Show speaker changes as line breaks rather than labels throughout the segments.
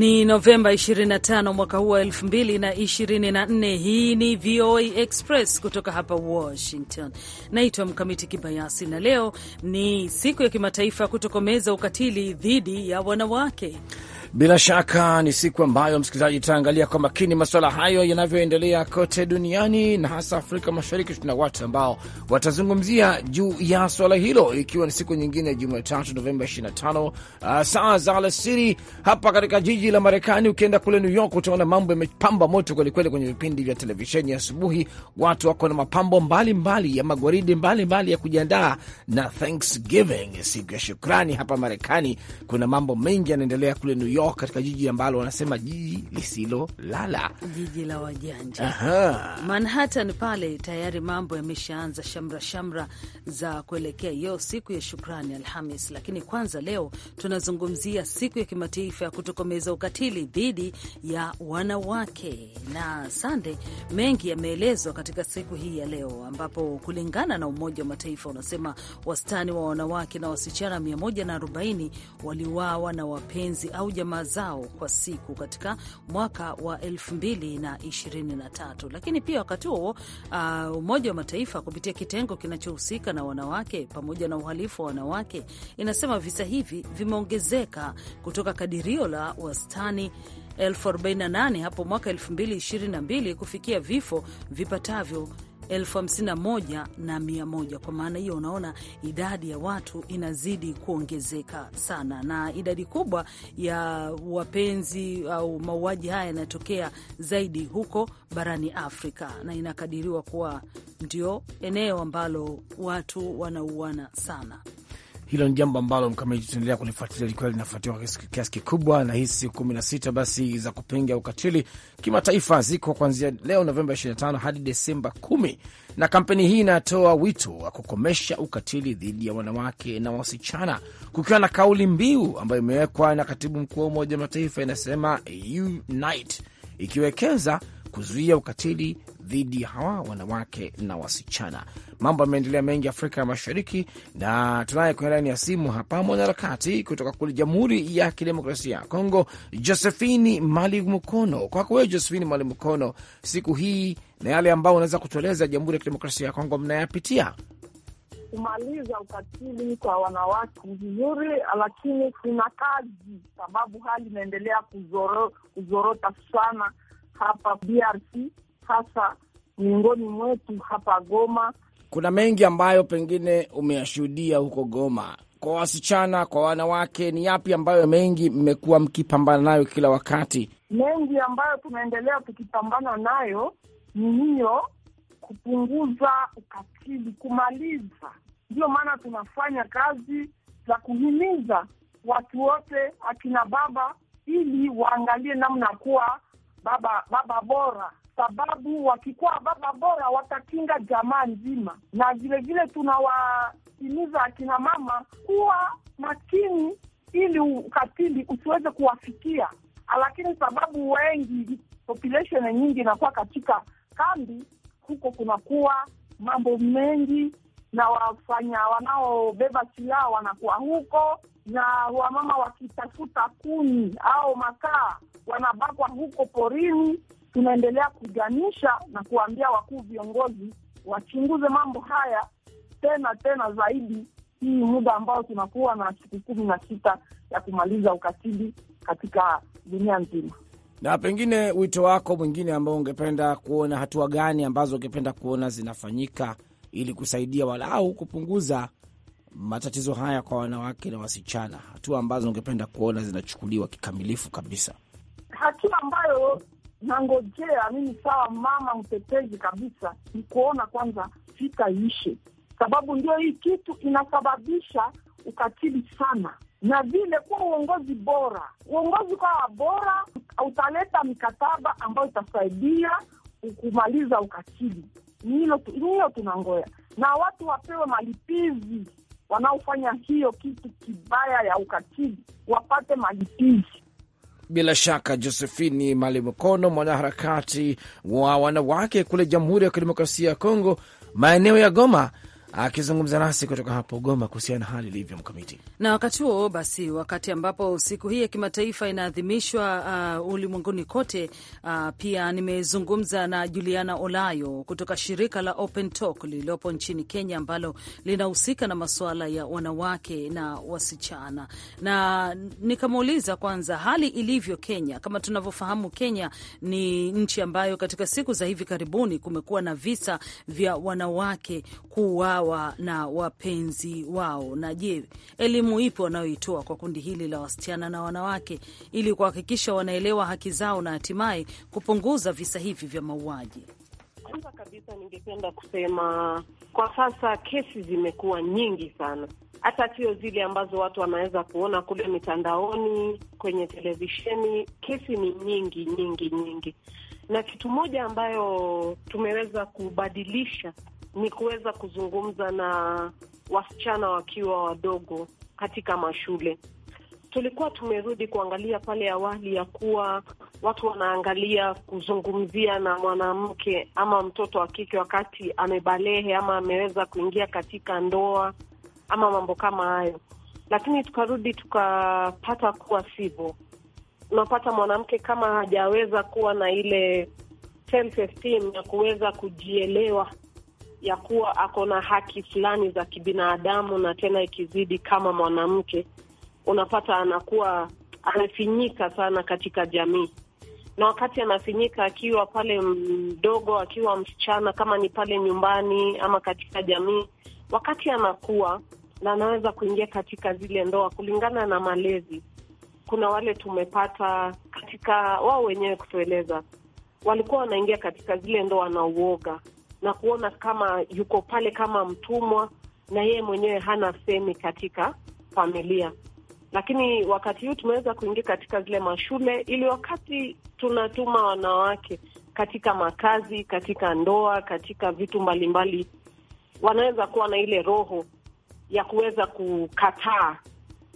Ni Novemba 25 mwaka huu wa 2024. Hii ni VOA Express kutoka hapa Washington. Naitwa Mkamiti Kibayasi, na leo ni siku ya kimataifa kutokomeza ukatili dhidi ya wanawake.
Bila shaka ni siku ambayo msikilizaji, tutaangalia kwa makini masuala hayo yanavyoendelea kote duniani na hasa Afrika Mashariki. Tuna watu ambao watazungumzia juu ya swala hilo, ikiwa ni siku nyingine ya Jumatatu Novemba 25 uh, saa za alasiri hapa katika jiji la Marekani. Ukienda kule New York utaona mambo yamepamba moto kwelikweli kwenye vipindi vya televisheni asubuhi. Watu wako na mapambo mbalimbali mbali, ya magwaridi mbalimbali mbali ya kujiandaa na Thanksgiving, siku ya shukrani. Hapa Marekani kuna mambo mengi yanaendelea kule New York York katika jiji ambalo wanasema jiji lisilolala,
jiji la wajanja. Manhattan pale tayari mambo yameshaanza shamra shamra za kuelekea hiyo siku ya shukrani Alhamis, lakini kwanza leo tunazungumzia siku ya kimataifa ya kutokomeza ukatili dhidi ya wanawake, na sande, mengi yameelezwa katika siku hii ya leo, ambapo kulingana na Umoja wa Mataifa unasema wastani wa wanawake na wasichana 140 waliuawa na wapenzi au jamaa mazao kwa siku katika mwaka wa 2023. Lakini pia wakati huo uh, Umoja wa Mataifa kupitia kitengo kinachohusika na wanawake pamoja na uhalifu wa wanawake inasema visa hivi vimeongezeka kutoka kadirio la wastani 48 hapo mwaka 2022 kufikia vifo vipatavyo elfu hamsini na moja na mia moja. Kwa maana hiyo, unaona idadi ya watu inazidi kuongezeka sana, na idadi kubwa ya wapenzi au mauaji haya yanatokea zaidi huko barani Afrika, na inakadiriwa kuwa ndio eneo ambalo watu wanauana sana
hilo ni jambo ambalo mkamiti tunaendelea kulifuatilia likiwa linafuatiwa kiasi kikubwa. Na hii siku kumi na sita basi za kupinga ukatili kimataifa ziko kuanzia leo Novemba 25 hadi Desemba kumi, na kampeni hii inatoa wito wa kukomesha ukatili dhidi ya wanawake na wasichana, kukiwa na kauli mbiu ambayo imewekwa na katibu mkuu wa Umoja wa Mataifa inasema unite, ikiwekeza kuzuia ukatili dhidi ya hawa wanawake na wasichana. Mambo yameendelea mengi Afrika ya Mashariki, na tunaye kwenye laini ya simu hapa mwanaharakati kutoka kule Jamhuri ya Kidemokrasia ya Kongo, Josephini Mali Mukono. Kwako wewe Josephini Mali Mukono, siku hii na yale ambayo unaweza kutueleza, Jamhuri ya Kidemokrasia ya Kongo mnayapitia
kumaliza ukatili kwa wanawake vizuri, lakini kuna kazi, sababu hali inaendelea kuzoro, kuzorota sana hapa DRC,
hasa miongoni mwetu hapa Goma. Kuna mengi ambayo pengine umeyashuhudia huko Goma, kwa wasichana, kwa wanawake, ni yapi ambayo mengi mmekuwa mkipambana nayo kila wakati?
Mengi ambayo tunaendelea tukipambana nayo ni hiyo, kupunguza ukatili, kumaliza. Ndiyo maana tunafanya kazi za kuhimiza watu wote, akina baba, ili waangalie namna kuwa baba baba bora, sababu wakikuwa baba bora watakinga jamaa nzima, na vilevile tunawahimiza akina mama kuwa makini ili ukatili usiweze kuwafikia, lakini sababu wengi population nyingi inakuwa katika kambi, huko kunakuwa mambo mengi na wafanya wanaobeba silaha wanakuwa huko na wamama wakitafuta kuni au makaa wanabakwa huko porini. Tunaendelea kuganisha na kuambia wakuu viongozi wachunguze mambo haya tena tena zaidi, hii muda ambao tunakuwa na siku kumi na sita ya kumaliza ukatili katika dunia nzima.
Na pengine wito wako mwingine ambao ungependa kuona, hatua gani ambazo ungependa kuona zinafanyika ili kusaidia walau kupunguza matatizo haya kwa wanawake na wasichana, hatua ambazo ungependa kuona zinachukuliwa kikamilifu kabisa?
Hatua ambayo nangojea mimi sawa mama mtetezi kabisa ni kuona kwanza vita iishe, sababu ndio hii kitu inasababisha ukatili sana, na vile kuwa uongozi bora, uongozi wa bora utaleta mikataba ambayo itasaidia kumaliza ukatili. Ni tunangoya, na watu wapewe malipizi wanaofanya hiyo kitu kibaya ya ukatili wapate malipizi
Bila shaka, Josephini Mali Mkono, mwanaharakati wa wanawake kule Jamhuri ya Kidemokrasia ya Kongo, maeneo ya Goma akizungumza nasi kutoka hapo Goma kuhusiana na hali ilivyo mkamiti.
Na wakati huo basi, wakati ambapo siku hii ya kimataifa inaadhimishwa uh, ulimwenguni kote, uh, pia nimezungumza na Juliana Olayo kutoka shirika la Open Talk lililopo nchini Kenya ambalo linahusika na masuala ya wanawake na wasichana, na nikamuuliza kwanza hali ilivyo Kenya. Kama tunavyofahamu, Kenya ni nchi ambayo katika siku za hivi karibuni kumekuwa na visa vya wanawake kuwa sawa na wapenzi wao? Na je, elimu ipo wanayoitoa kwa kundi hili la wasichana na wanawake ili kuhakikisha wanaelewa haki zao na hatimaye kupunguza visa hivi vya mauaji?
Kwanza kabisa ningependa kusema kwa sasa kesi zimekuwa nyingi sana, hata sio zile ambazo watu wanaweza kuona kule mitandaoni, kwenye televisheni. Kesi ni nyingi nyingi nyingi, na kitu moja ambayo tumeweza kubadilisha ni kuweza kuzungumza na wasichana wakiwa wadogo katika mashule. Tulikuwa tumerudi kuangalia pale awali ya kuwa watu wanaangalia kuzungumzia na mwanamke ama mtoto wa kike wakati amebalehe ama ameweza kuingia katika ndoa ama mambo kama hayo, lakini tukarudi tukapata kuwa sivyo. Unapata mwanamke kama hajaweza kuwa na ile self esteem ya kuweza kujielewa ya kuwa ako na haki fulani za kibinadamu, na tena ikizidi kama mwanamke, unapata anakuwa amefinyika sana katika jamii, na wakati anafinyika akiwa pale mdogo, akiwa msichana, kama ni pale nyumbani ama katika jamii, wakati anakuwa na anaweza kuingia katika zile ndoa kulingana na malezi. Kuna wale tumepata katika wao wenyewe kutueleza, walikuwa wanaingia katika zile ndoa na uoga na kuona kama yuko pale kama mtumwa na yeye mwenyewe hana semi katika familia. Lakini wakati huu tumeweza kuingia katika zile mashule, ili wakati tunatuma wanawake katika makazi, katika ndoa, katika vitu mbalimbali, wanaweza kuwa na ile roho ya kuweza kukataa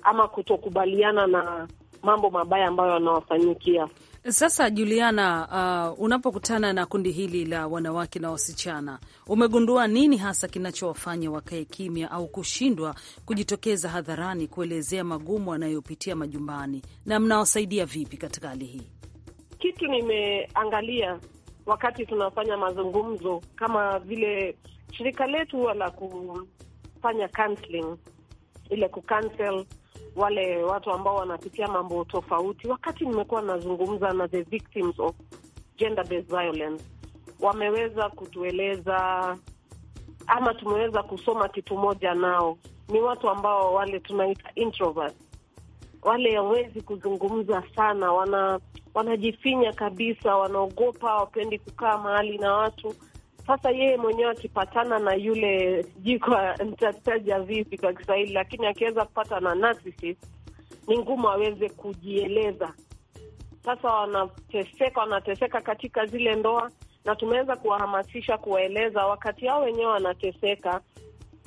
ama kutokubaliana na mambo mabaya ambayo wanawafanyikia.
Sasa Juliana, uh, unapokutana na kundi hili la wanawake na wasichana, umegundua nini hasa kinachowafanya wakae kimya au kushindwa kujitokeza hadharani kuelezea magumu wanayopitia majumbani, na mnawasaidia vipi katika hali hii?
Kitu nimeangalia wakati tunafanya mazungumzo, kama vile shirika letu huwa la kufanya counseling, ile kucancel wale watu ambao wanapitia mambo tofauti. Wakati nimekuwa nazungumza na the victims of gender based violence, wameweza kutueleza ama tumeweza kusoma kitu moja nao, ni watu ambao wale tunaita introvert, wale hawezi kuzungumza sana, wana wanajifinya kabisa, wanaogopa, wapendi kukaa mahali na watu sasa yeye mwenyewe akipatana na yule kwa nitataja vipi kwa Kiswahili, lakini akiweza kupata na narcissist ni ngumu aweze kujieleza. Sasa wanateseka, wanateseka katika zile ndoa, na tumeweza kuwahamasisha, kuwaeleza wakati hao wenyewe wanateseka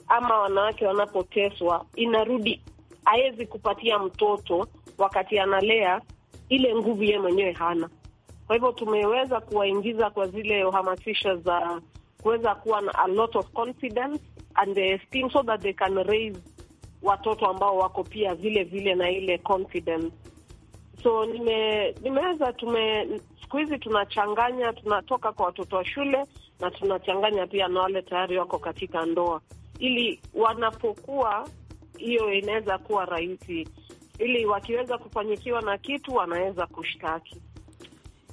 ama wanawake wanapoteswa, inarudi hawezi kupatia mtoto wakati analea, ile nguvu yeye mwenyewe hana. Kwa hivyo tumeweza kuwaingiza kwa zile uhamasisho za kuweza kuwa na a lot of confidence and esteem so that they can raise watoto ambao wako pia vile vile na ile confidence. So nime, nimeweza tume siku hizi tunachanganya, tunatoka kwa watoto wa shule na tunachanganya pia na wale tayari wako katika ndoa, ili wanapokuwa, hiyo inaweza kuwa rahisi, ili wakiweza kufanyikiwa na kitu wanaweza kushtaki.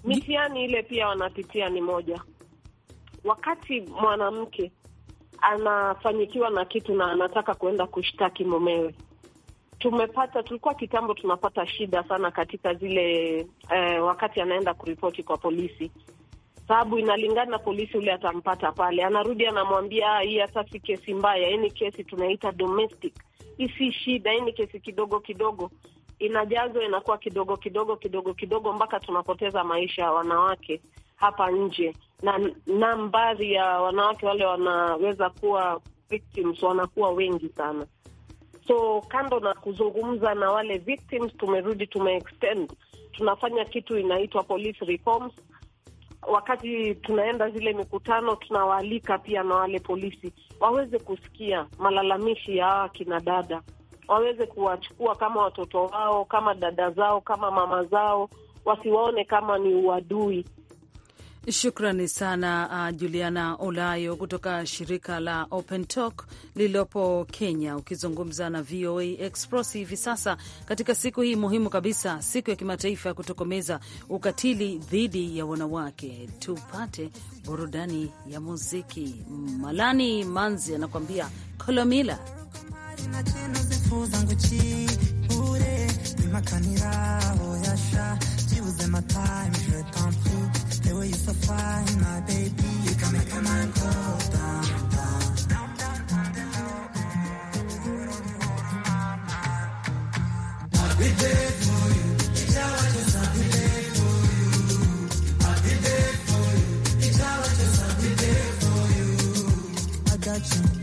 Mitihani ile pia wanapitia ni moja. Wakati mwanamke anafanyikiwa na kitu na anataka kuenda kushtaki mumewe, tumepata tulikuwa kitambo tunapata shida sana katika zile eh, wakati anaenda kuripoti kwa polisi, sababu inalingana polisi ule atampata pale, anarudi anamwambia ah, hii hata si kesi mbaya, hii yaani kesi tunaita domestic, hii si shida, hii ni yaani kesi kidogo kidogo inajazwa inakuwa kidogo kidogo kidogo kidogo mpaka tunapoteza maisha ya wanawake hapa nje, na nambari ya wanawake wale wanaweza kuwa victims wanakuwa wengi sana. So kando na kuzungumza na wale victims, tumerudi tumeextend, tunafanya kitu inaitwa police reforms. Wakati tunaenda zile mikutano, tunawaalika pia na wale polisi waweze kusikia malalamishi ya hawa kina dada waweze kuwachukua kama watoto wao, kama dada zao, kama mama zao, wasiwaone kama ni uadui.
Shukrani sana uh, Juliana Olayo kutoka shirika la Open Talk lililopo Kenya, ukizungumza na VOA Express hivi sasa katika siku hii muhimu kabisa, siku ya kimataifa ya kutokomeza ukatili dhidi ya wanawake. Tupate burudani ya muziki. Malani Manzi anakuambia Kolomila. you.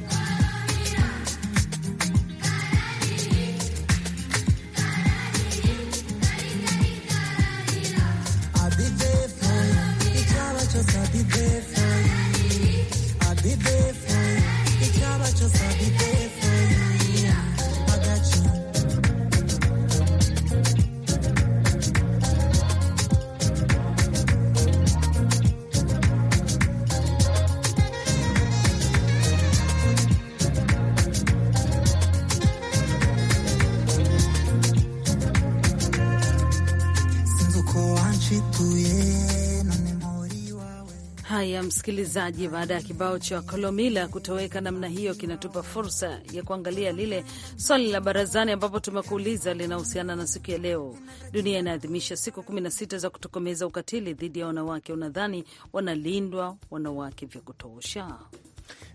msikilizaji, baada ya kibao cha Kolomila kutoweka namna hiyo, kinatupa fursa ya kuangalia lile swali la barazani, ambapo tumekuuliza linahusiana na siku ya leo. Dunia inaadhimisha siku kumi na sita za kutokomeza ukatili dhidi ya wanawake. Unadhani wanalindwa wanawake
vya kutosha?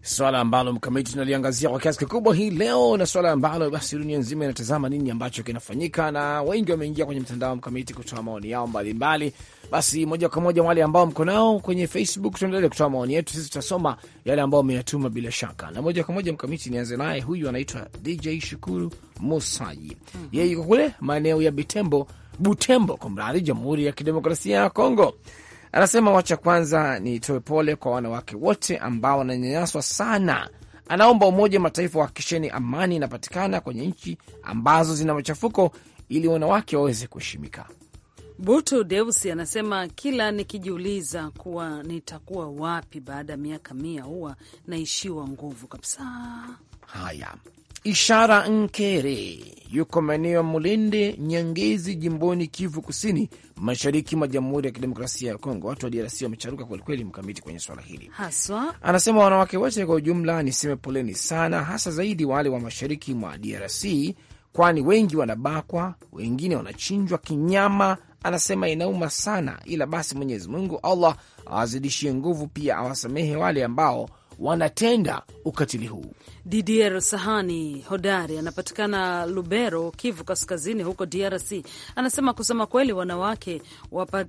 swala ambalo mkamiti tunaliangazia kwa kiasi kikubwa hii leo, na swala ambalo basi dunia nzima inatazama nini ambacho kinafanyika, na wengi wameingia kwenye mtandao mkamiti kutoa maoni yao mbalimbali. Basi moja kwa moja, wale ambao mko nao kwenye Facebook, tuendelee kutoa maoni yetu, sisi tutasoma yale ambao ameyatuma bila shaka. Na moja kwa moja mkamiti, nianze naye, huyu anaitwa DJ Shukuru Musaji, mm-hmm. yeye yuko kule maeneo ya Bitembo, Butembo, kwa mradhi, Jamhuri ya Kidemokrasia ya Kongo. Anasema wacha kwanza nitoe pole kwa wanawake wote ambao wananyanyaswa sana. Anaomba Umoja Mataifa wahakikisheni amani inapatikana kwenye nchi ambazo zina machafuko ili wanawake waweze kuheshimika.
Butu Deusi anasema kila nikijiuliza kuwa nitakuwa wapi baada ya miaka mia, huwa naishiwa nguvu kabisa.
Haya, Ishara Nkere yuko maeneo ya Mulinde, Nyangezi, jimboni Kivu Kusini, mashariki mwa Jamhuri ya Kidemokrasia ya Kongo. Watu wa DRC wamecharuka kwelikweli, mkamiti kwenye swala hili
haswa.
Anasema wanawake wote kwa ujumla, niseme poleni sana, hasa zaidi wale wa mashariki mwa DRC, kwani wengi wanabakwa, wengine wanachinjwa kinyama. Anasema inauma sana, ila basi Mwenyezi Mungu Allah awazidishie nguvu, pia awasamehe wale ambao wanatenda ukatili huu. Didier Sahani
hodari anapatikana Lubero, Kivu Kaskazini, huko DRC. Anasema kusema kweli, wanawake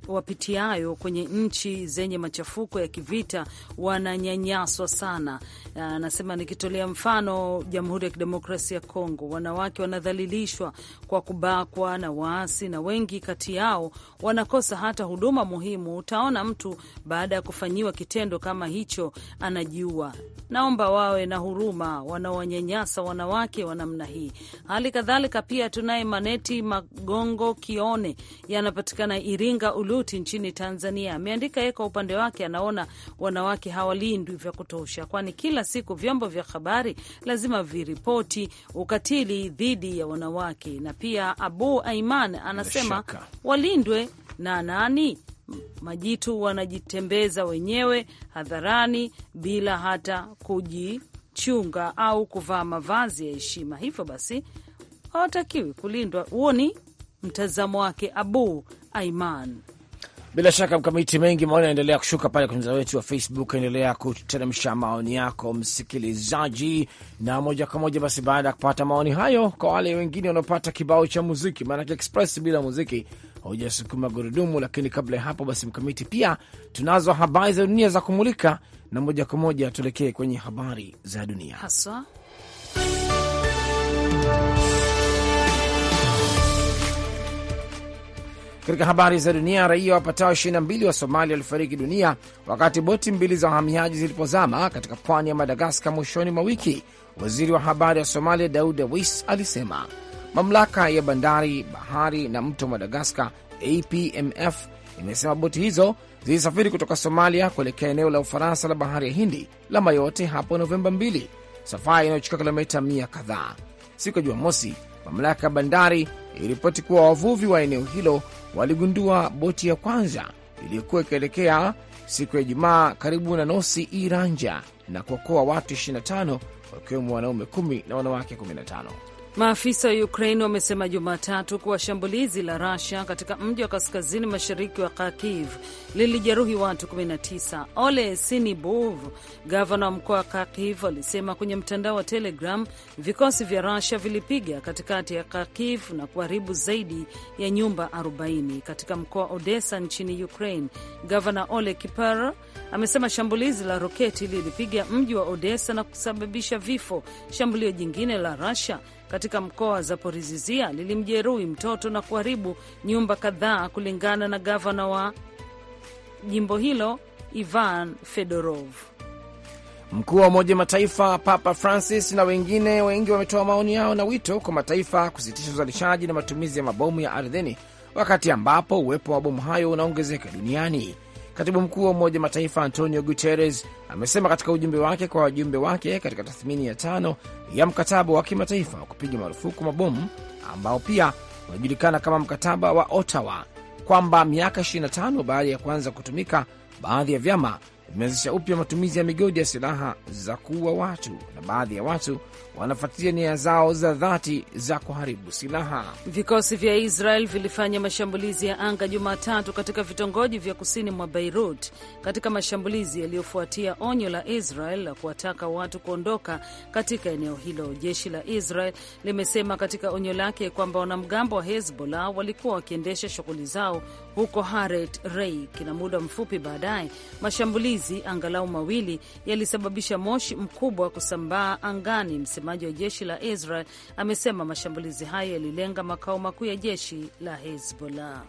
wapitiayo kwenye nchi zenye machafuko ya kivita wananyanyaswa sana. Anasema nikitolea mfano Jamhuri ya Kidemokrasia ya Kongo, wanawake wanadhalilishwa kwa kubakwa na waasi, na wengi kati yao wanakosa hata huduma muhimu. Utaona mtu baada ya kufanyiwa kitendo kama hicho anajiua. Naomba wawe na huruma wanaowanyanyasa wanawake wa namna hii. Hali kadhalika pia tunaye Maneti Magongo Kione, yanapatikana Iringa Uluti nchini Tanzania. Ameandika yeye kwa upande wake anaona wanawake hawalindwi vya kutosha, kwani kila siku vyombo vya habari lazima viripoti ukatili dhidi ya wanawake. Na pia Abu Aiman anasema walindwe na nani? Majitu wanajitembeza wenyewe hadharani bila hata kuji chunga au kuvaa mavazi ya heshima, hivyo basi hawatakiwi kulindwa. Huo ni mtazamo wake Abu Aiman.
Bila shaka mkamiti mengi maoni yanaendelea kushuka pale kwenye mtandao wetu wa Facebook. Endelea kuteremsha maoni yako msikilizaji, na moja kwa moja basi, baada ya kupata maoni hayo, kwa wale wengine wanaopata kibao cha muziki, maanake express bila muziki haujasukuma gurudumu. Lakini kabla ya hapo basi, mkamiti, pia tunazo habari za dunia za kumulika, na moja kwa moja tuelekee kwenye habari za dunia haswa Katika habari za dunia, raia wapatao 22 wa Somalia walifariki dunia wakati boti mbili za wahamiaji zilipozama katika pwani ya Madagaskar mwishoni mwa wiki. Waziri wa habari wa Somalia Daud Awis alisema mamlaka ya bandari, bahari na mto Madagaskar APMF imesema boti hizo zilisafiri kutoka Somalia kuelekea eneo la Ufaransa la bahari ya Hindi la Mayote hapo Novemba 2, safari inayochukua kilomita mia kadhaa. Siku ya Jumamosi, mamlaka ya bandari iliripoti kuwa wavuvi wa eneo hilo waligundua boti ya kwanza iliyokuwa ikielekea siku ya Ijumaa karibu na Nosi Iranja na kuokoa watu 25 wakiwemo wanaume 1 na wanawake 15.
Maafisa wa Ukraine wamesema Jumatatu kuwa shambulizi la Rusia katika mji wa kaskazini mashariki wa Kharkiv lilijeruhi watu 19. Ole Sinibov, gavana wa mkoa wa Kharkiv, alisema kwenye mtandao wa Telegram vikosi vya Rusia vilipiga katikati ya Kharkiv na kuharibu zaidi ya nyumba 40 katika mkoa wa Odessa nchini Ukraine. Gavana Ole Kiper amesema shambulizi la roketi lilipiga mji wa Odessa na kusababisha vifo. Shambulio jingine la Rusia katika mkoa wa Zaporizizia lilimjeruhi mtoto na kuharibu nyumba kadhaa, kulingana na gavana wa jimbo hilo Ivan Fedorov.
Mkuu wa Umoja Mataifa Papa Francis na wengine wengi wametoa maoni yao na wito kwa mataifa kusitisha uzalishaji na matumizi ya mabomu ya ardhini, wakati ambapo uwepo wa mabomu hayo unaongezeka duniani. Katibu mkuu wa Umoja Mataifa Antonio Guterres amesema katika ujumbe wake kwa wajumbe wake katika tathmini ya tano ya mkataba wa kimataifa wa kupiga marufuku mabomu ambao pia unajulikana kama mkataba wa Ottawa kwamba miaka 25 baada ya kuanza kutumika, baadhi ya vyama limeanzisha upya matumizi ya migodi ya silaha za kuua watu na baadhi ya watu wanafuatilia nia zao za dhati za kuharibu silaha.
Vikosi vya Israel vilifanya mashambulizi ya anga Jumatatu katika vitongoji vya kusini mwa Beirut, katika mashambulizi yaliyofuatia onyo la Israel la kuwataka watu kuondoka katika eneo hilo. Jeshi la Israel limesema katika onyo lake kwamba wanamgambo wa Hezbollah walikuwa wakiendesha shughuli zao huko Haret Reik, kina muda mfupi baadaye mashambulizi mashambulizi angalau mawili yalisababisha moshi mkubwa wa kusambaa angani. Msemaji wa jeshi la Israel amesema mashambulizi hayo yalilenga makao makuu ya jeshi la Hezbollah.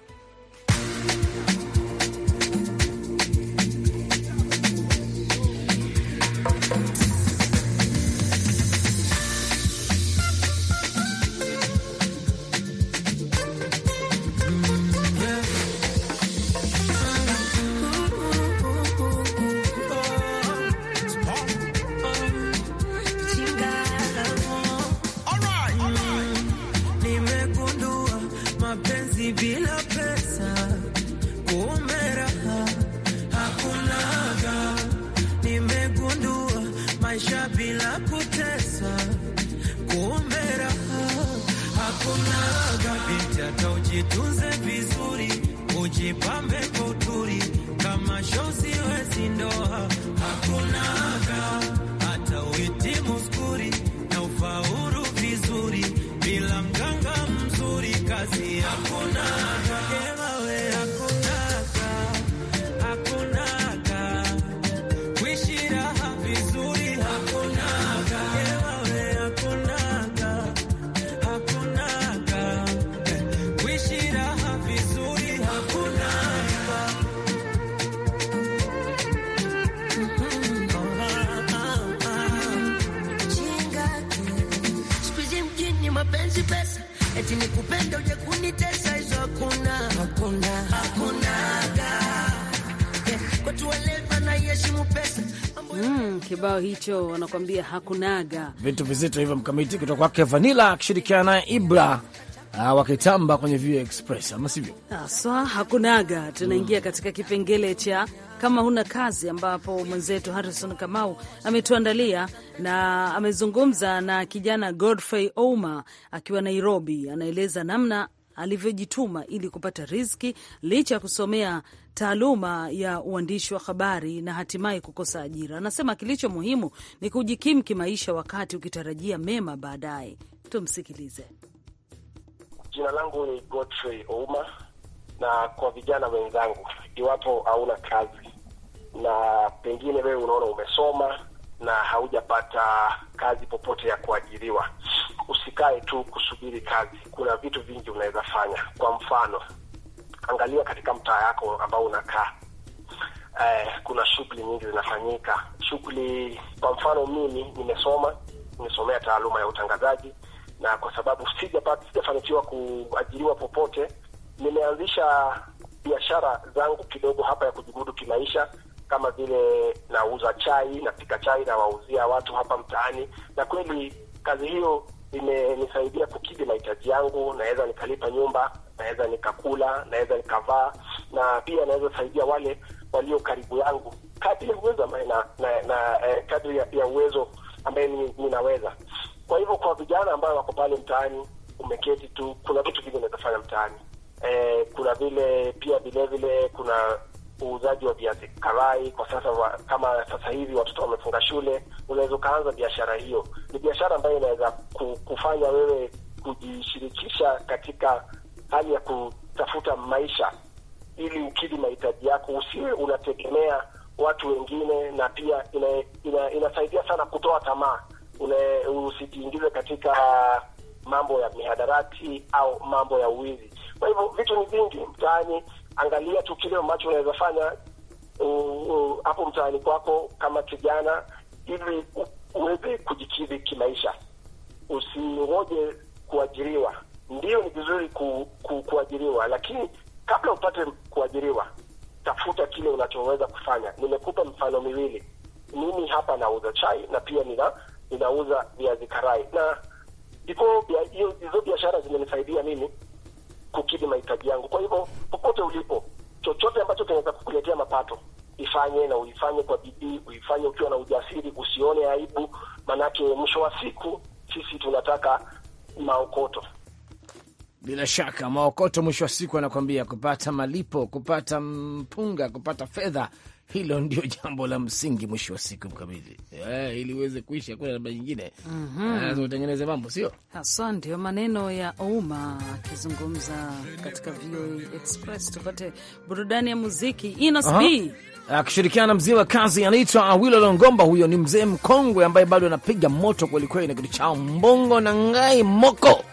kibao hicho wanakuambia hakunaga
vitu vizito hivyo, mkamiti kutoka kwake vanila akishirikiana naye Ibra. Uh, wakitamba kwenye View Express ama sivyo?
Haswa hakunaga. Tunaingia katika kipengele cha kama huna kazi, ambapo mwenzetu Harrison Kamau ametuandalia na amezungumza na kijana Godfrey Ouma akiwa Nairobi, anaeleza namna alivyojituma ili kupata riziki licha ya kusomea taaluma ya uandishi wa habari na hatimaye kukosa ajira. Anasema kilicho muhimu ni kujikimu kimaisha wakati ukitarajia mema baadaye. Tumsikilize.
Jina langu ni Godfrey Ouma, na kwa vijana wenzangu, iwapo hauna kazi na pengine wewe unaona umesoma na haujapata kazi popote ya kuajiriwa usikae tu kusubiri kazi. Kuna vitu vingi unaweza fanya. Kwa mfano, angalia katika mtaa yako ambao unakaa. Eh, kuna shughuli nyingi zinafanyika. Shughuli kwa mfano, mimi nimesoma, nimesomea taaluma ya utangazaji, na kwa sababu sijafanikiwa kuajiriwa popote, nimeanzisha biashara zangu kidogo hapa ya kujimudu kimaisha kama vile nauza chai, napika chai, nawauzia watu hapa mtaani, na kweli kazi hiyo imenisaidia kukidhi mahitaji yangu. Naweza nikalipa nyumba, naweza nikakula, naweza nikavaa, na pia naweza saidia wale walio karibu yangu kadri ya uwezo ambaye na, na, na eh, kadri ya, ya uwezo ambaye ninaweza. Kwa hivyo kwa vijana ambayo wako pale mtaani, umeketi tu, kuna vitu vingi unaweza fanya mtaani. Eh, kuna vile pia vilevile kuna uuzaji wa viazi karai kwa sasa wa, kama sasa hivi watoto wamefunga shule, unaweza ukaanza biashara hiyo. Ni biashara ambayo inaweza kufanya wewe kujishirikisha katika hali ya kutafuta maisha ili ukidhi mahitaji yako, usiwe unategemea watu wengine, na pia ina, ina, inasaidia sana kutoa tamaa. Usijiingize katika mambo ya mihadarati au mambo ya uwizi. Kwa hivyo vitu ni vingi mtaani angalia tu kile ambacho unaweza fanya hapo mtaani kwako kama kijana, ili uweze kujikidhi kimaisha. Usingoje kuajiriwa. Ndiyo, ni vizuri ku, ku, kuajiriwa, lakini kabla upate kuajiriwa, tafuta kile unachoweza kufanya. Nimekupa mfano miwili. Mimi hapa nauza chai na pia nina ninauza viazi karai, na hizo biashara zimenisaidia mimi kukidhi mahitaji yangu. Kwa hivyo, popote ulipo, chochote ambacho kinaweza kukuletea mapato ifanye, na uifanye kwa bidii, uifanye ukiwa na ujasiri, usione aibu, manake mwisho wa siku sisi tunataka maokoto.
Bila shaka maokoto mwisho wa siku anakwambia kupata malipo, kupata mpunga, kupata fedha hilo ndio jambo la msingi mwisho wa siku mkabidhi yeah, ili uweze kuishi, hakuna namba nyingine, lazima mhm. ah, utengeneze mambo, sio haswa?
Ndio maneno ya umma akizungumza katika VOA Express. Tupate burudani ya muziki -huh.
akishirikiana na mzee wa kazi anaitwa Awilo Longomba. Huyo ni mzee mkongwe ambaye bado anapiga moto kwelikweli na kitu chao mbongo na ngai moko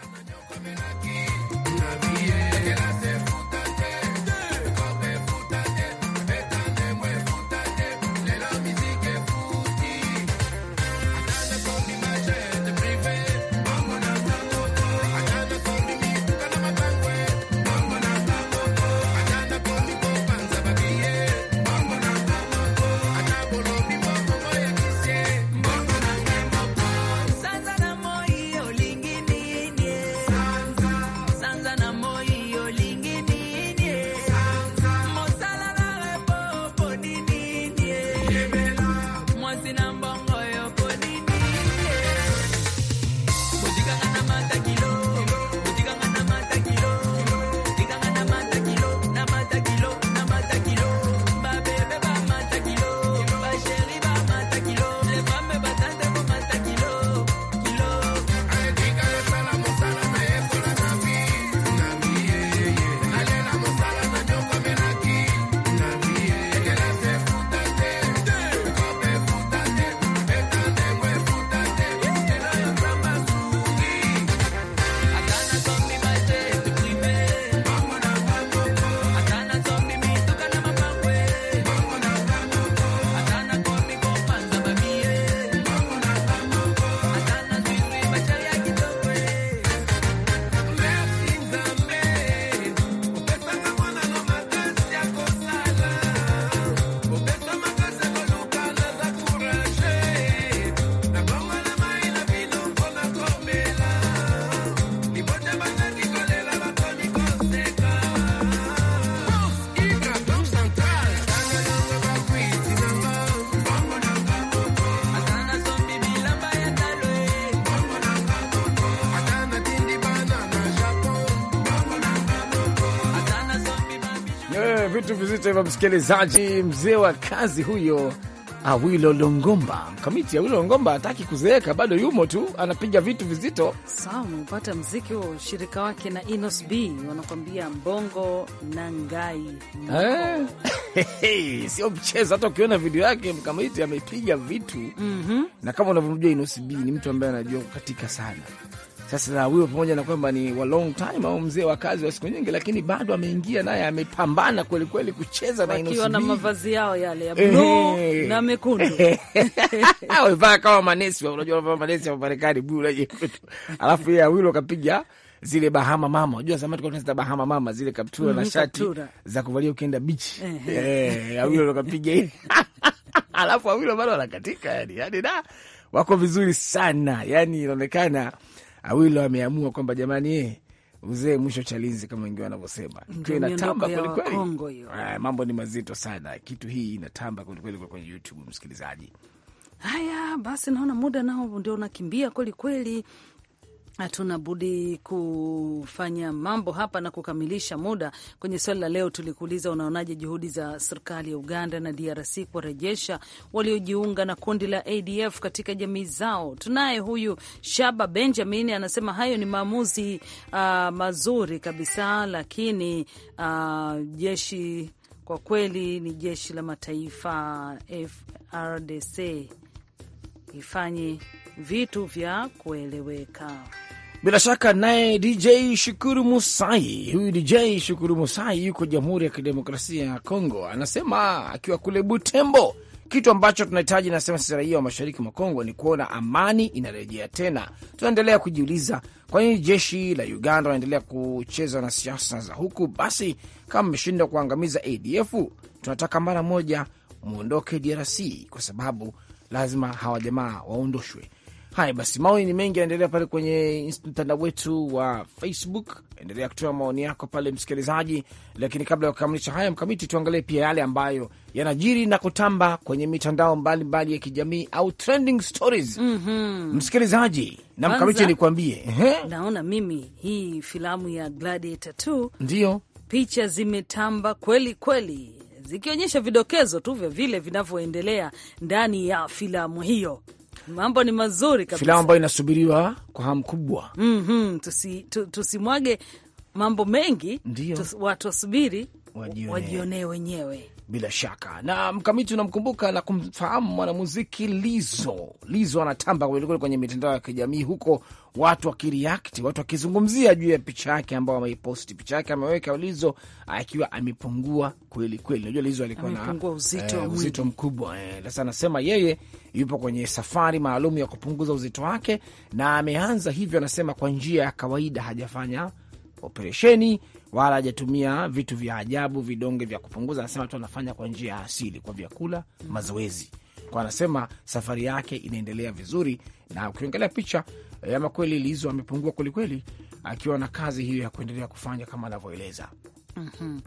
vitu vizito hivyo, msikilizaji. Mzee wa kazi huyo Awilo Longomba, mkamiti Awilo Longomba hataki kuzeeka, bado yumo tu, anapiga vitu vizito. Sawa,
umepata mziki wa ushirika wake na Inos B wanakwambia mbongo na ngai
eh? Hey, sio mchezo. Hata ukiona video yake mkamiti amepiga vitu mm -hmm. na kama unavyomjua Inos B ni mtu ambaye anajua kukatika sana sasa na huyo pamoja na kwamba ni wa long time au mzee wa kazi wa siku nyingi, lakini bado ameingia naye amepambana kweli kweli kucheza na Inosi na
mavazi yao yale ya bluu na
mekundu, wamevaa kama manesi. Unajua wanavaa manesi wa Marekani, bluu na nyekundu, alafu yeye awilo kapiga zile Bahama mama, unajua zamani tulikuwa tunaita Bahama mama, zile kaptura mm, na mhm, shati kaptura za kuvalia ukienda bichi eh, awilo kapiga hivi alafu awilo bado anakatika yani, yani da wako vizuri sana yani, inaonekana Awilo ameamua kwamba jamani, uzee eh, mwisho chalinzi kama wengi wanavyosema, ikiwa inatamba kwelikweli. Mambo ni mazito sana, kitu hii inatamba kwelikweli kwenye YouTube, msikilizaji.
Haya basi, naona muda nao ndio unakimbia kwelikweli hatuna budi kufanya mambo hapa na kukamilisha muda. Kwenye swali la leo tulikuuliza, unaonaje juhudi za serikali ya Uganda na DRC kuwarejesha waliojiunga na kundi la ADF katika jamii zao? Tunaye huyu Shaba Benjamin anasema hayo ni maamuzi uh, mazuri kabisa, lakini uh, jeshi kwa kweli ni jeshi la mataifa FRDC ifanye vitu vya kueleweka.
Bila shaka naye DJ Shukuru Musai, huyu DJ Shukuru Musai yuko Jamhuri ya Kidemokrasia ya Kongo, anasema akiwa kule Butembo, kitu ambacho tunahitaji, nasema sisi raia wa mashariki mwa Kongo, ni kuona amani inarejea tena. Tunaendelea kujiuliza kwa nini jeshi la Uganda wanaendelea kucheza na siasa za huku. Basi kama mmeshindwa kuangamiza ADF, tunataka mara moja mwondoke DRC, kwa sababu lazima hawa jamaa waondoshwe. Haya basi, maoni ni mengi yanaendelea pale kwenye mtandao wetu wa Facebook. Endelea kutoa maoni yako pale, msikilizaji. Lakini kabla ya kukamilisha haya, Mkamiti, tuangalie pia yale ambayo yanajiri na kutamba kwenye mitandao mbalimbali mbali ya kijamii au trending stories.
mm -hmm.
Msikilizaji na Mkamiti, nikuambie
naona mimi hii filamu ya Gladiator 2 ndio picha zimetamba kweli kweli zikionyesha vidokezo tu vya vile vinavyoendelea ndani ya filamu hiyo. Mambo ni mazuri kabisa, filamu
ambayo inasubiriwa kwa hamu kubwa.
mm -hmm. Tusimwage mambo mengi, watu wasubiri wajionee wenyewe
bila shaka na mkamiti, unamkumbuka na kumfahamu mwanamuziki Lizo. Lizo anatamba kwelikweli kwenye mitandao ya kijamii huko, watu wakireact, watu wakizungumzia juu ya picha yake ambao ameiposti. Picha yake ameweka Lizo akiwa amepungua kweli kweli. Unajua Lizo alikuwa na uzito, eh, uzito mkubwa eh. sasa. Eh, anasema yeye yupo kwenye safari maalum ya kupunguza uzito wake, na ameanza hivyo, anasema kwa njia ya kawaida, hajafanya operesheni wala hajatumia vitu vya ajabu, vidonge vya kupunguza. Anasema tu anafanya kwa njia ya asili, kwa vyakula, mazoezi. Kwa anasema safari yake inaendelea vizuri, na ukiongelea picha eh, ama kweli Lizo amepungua kwelikweli, akiwa na kazi hiyo ya kuendelea kufanya kama anavyoeleza. mm -hmm.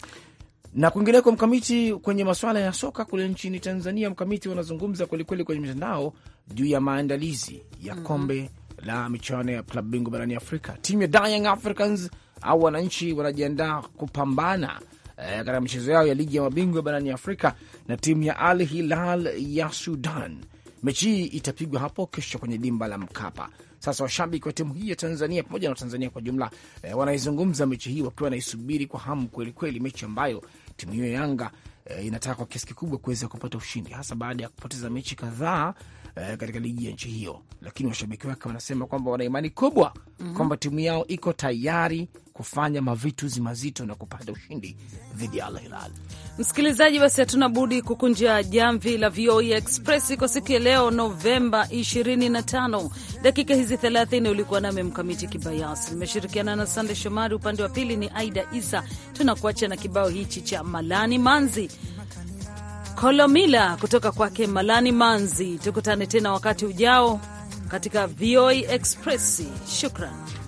Na kwingineko, mkamiti kwenye masuala ya soka kule nchini Tanzania, mkamiti wanazungumza kwelikweli kwenye mitandao juu ya maandalizi ya mhm. kombe mm -hmm. la michuano ya klabu bingwa barani Afrika. Timu ya Young Africans au wananchi wanajiandaa kupambana eh, katika michezo yao ya ligi ya mabingwa barani Afrika na timu ya Al Hilal ya Sudan. Mechi hii itapigwa hapo kesho kwenye dimba la Mkapa. Sasa washabiki wa timu hii ya Tanzania pamoja na Watanzania kwa jumla eh, wanaizungumza mechi hii wakiwa wanaisubiri kwa hamu kwelikweli, mechi ambayo timu hiyo Yanga eh, inataka kwa kiasi kikubwa kuweza kupata ushindi, hasa baada ya kupoteza mechi kadhaa eh, katika ligi ya nchi hiyo, lakini washabiki wake wanasema kwamba wana imani kubwa mm -hmm. kwamba timu yao iko tayari kufanya mavituzi mazito na kupata ushindi dhidi ya Al Hilal.
Msikilizaji, basi hatuna budi kukunja jamvi la VOA e Express kwa siku ya leo Novemba 25. Dakika hizi 30 ulikuwa nami Mkamiti Kibayasi, nimeshirikiana na Sande Shomari, upande wa pili ni Aida Isa. Tunakuacha na kibao hichi cha Malani Manzi Kolomila kutoka kwake Malani Manzi. Tukutane tena wakati ujao katika VOA Express. Shukran.